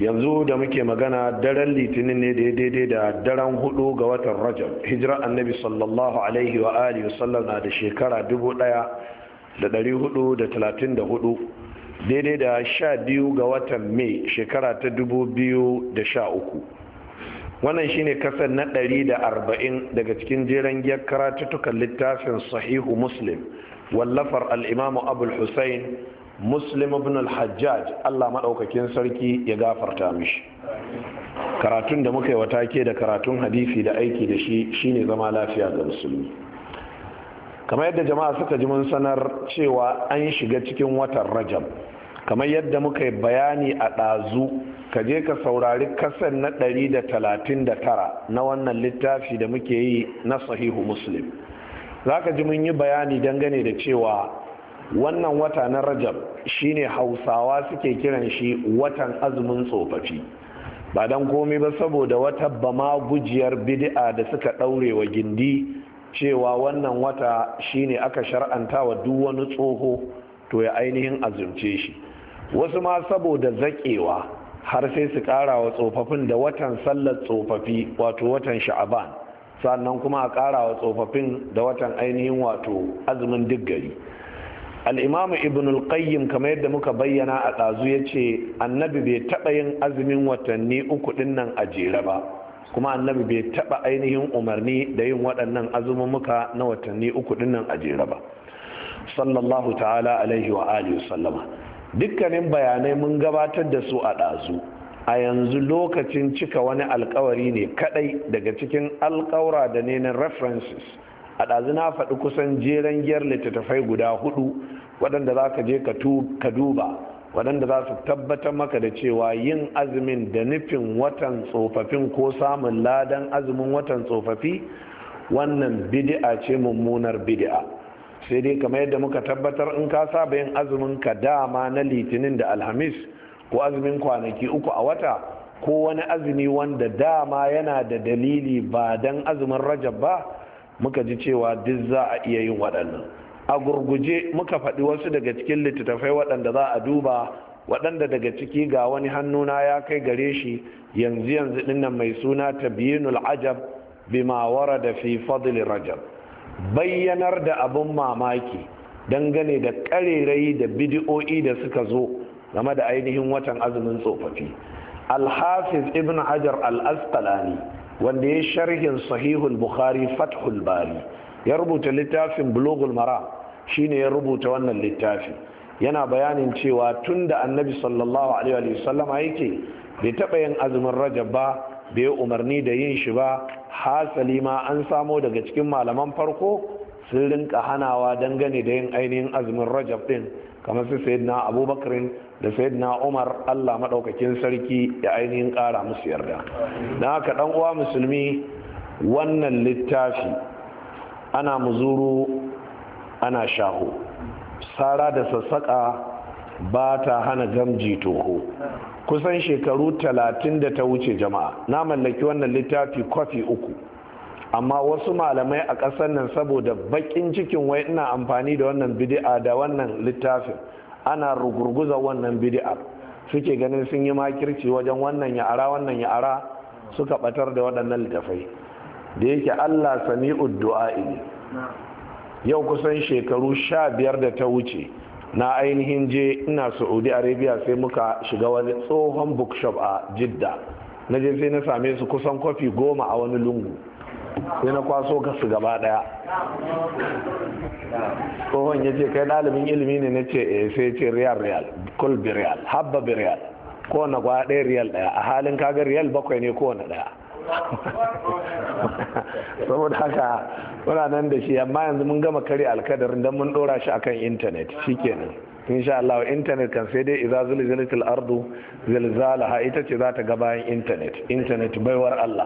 yanzu da muke magana daren litinin ne daidai da daren hudu ga watan rajab hijira annabi sallallahu alaihi wa alihi wasallam na da shekara 1434 daidai da sha biyu ga watan mai shekara ta 2013 wannan shine kasar na 140 daga cikin jeren giyar karatuttukan littafin sahihu muslim wallafar al'imamu abul hussein muslim ibn al-hajjaj Allah maɗaukakin sarki ya gafarta mishi karatun da muka yi wata ke da karatun hadisi da aiki da shi shine zama lafiya ga musulmi kamar yadda jama'a suka ji mun sanar cewa an shiga cikin watan rajab kamar yadda muka yi bayani a ɗazu ka je ka saurari kasan na 139 na wannan littafi da muke yi na sahihu muslim za ka ji mun yi bayani dangane da cewa wannan wata na rajab shine hausawa suke kiran shi watan azumin tsofaffi ba don komi ba saboda wata bama gujiyar bid'a da suka ɗaure wa gindi cewa wannan wata shine aka shar'anta wa duk wani tsoho to ya ainihin azumce shi wasu ma saboda zaƙewa har sai su ƙara wa tsofaffin da watan sallar tsofaffi wato watan sha'aban sannan kuma a ƙara wa tsofaffin da watan ainihin wato azumin duk gari al'imamu ibn kamar yadda muka bayyana a ɗazu ya ce annabi bai taɓa yin azumin watanni uku ɗin nan a jere ba kuma annabi bai taɓa ainihin umarni da yin waɗannan azumin azumumuka na watanni uku ɗin nan a jere ba sallallahu ta'ala alaihi wa alihi sallama dukkanin bayanai mun gabatar da su a ɗazu a yanzu lokacin cika wani alkawari ne kadai daga cikin alkawara da nenan na references a ɗazu na faɗi kusan jeren giyar littattafai guda hudu waɗanda za ka je ka duba waɗanda za su tabbatar maka da cewa yin azumin da nufin watan tsofaffin ko samun ladan azumin watan tsofaffi wannan bidi'a ce mummunar bidi'a sai dai kamar yadda muka tabbatar in ka saba yin azumin ka dama na litinin da alhamis ko azumin kwanaki uku a wata ko wani azumi wanda dama yana da dalili ba don azumin rajab ba muka ji cewa duk za a iya yin waɗannan a gurguje muka faɗi wasu daga cikin littattafai waɗanda za a duba waɗanda daga ciki ga wani hannuna ya kai gare shi yanzu yanzu dinnan mai suna tabyinul ajab bima da fi fadli rajab bayyanar da abun mamaki dangane da ƙarerayi da bidi'o'i da suka zo game da ainihin watan azumin tsofaffi alhafiz ibn hajar al-asqalani wanda ya sharhin sahihul bukhari fathul bari ya rubuta littafin bulogul mara shine ya rubuta wannan littafi yana bayanin cewa tun da annabi sallallahu alaihi wasallama yake bai taɓa yin azumin rajab ba bai umarni da yin shi ba hasali ma an samo daga cikin malaman farko sun rinka hanawa dangane da yin ainihin azumin rajab din kamar su sayyidina Abubakar da sayyidina umar allah maɗaukakin sarki ya ainihin ƙara musu yarda na haka ɗan uwa musulmi wannan littafi ana muzuru ana shaho sara da sassaƙa ba ta hana gamji toho kusan shekaru talatin da ta wuce jama'a na mallaki wannan littafi kwafi uku amma wasu malamai a ƙasar nan saboda baƙin cikin wai ina amfani da wannan bidi'a da wannan littafin ana rugurguza wannan bidi'a suke ganin sun yi makirci wajen wannan ya ara wannan ya ara suka batar da waɗannan littafai da yake Allah sami uddu'a, ne yau kusan shekaru sha biyar da ta wuce na ainihin je ina saudi arabia sai muka shiga wani tsohon bookshop a jidda na je sai na same su kusan kwafi goma a wani lungu sai na kwaso ka su gaba daya tsohon ya ce kai dalibin ilimi ne na ce eh sai ce real real kul bi riyal habba bi kowane kwaya ɗaya real ɗaya a halin kaga real bakwai ne kowane ɗaya saboda haka muna nan da shi amma yanzu mun gama kare alkadarin don mun dora shi akan intanet shikenan insha Allah intanet kan sai dai idza zilzilatil ardu zilzalaha ita ce za ta ga bayan intanet intanet baiwar Allah